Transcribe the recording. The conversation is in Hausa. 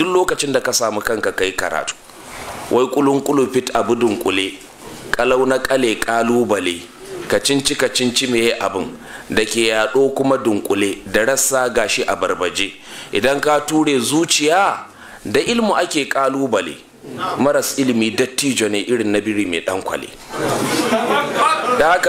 duk lokacin da ka samu kanka kai karatu wai kulun kulu fit abu dunkule kalau na kale kalubale ka cinci ka cinci yi abin da ke yaɗo kuma dunkule da rassa gashi a barbaje idan ka ture zuciya da ilmu ake kalubale maras ilimi dattijo ne irin na biri mai dankwale da haka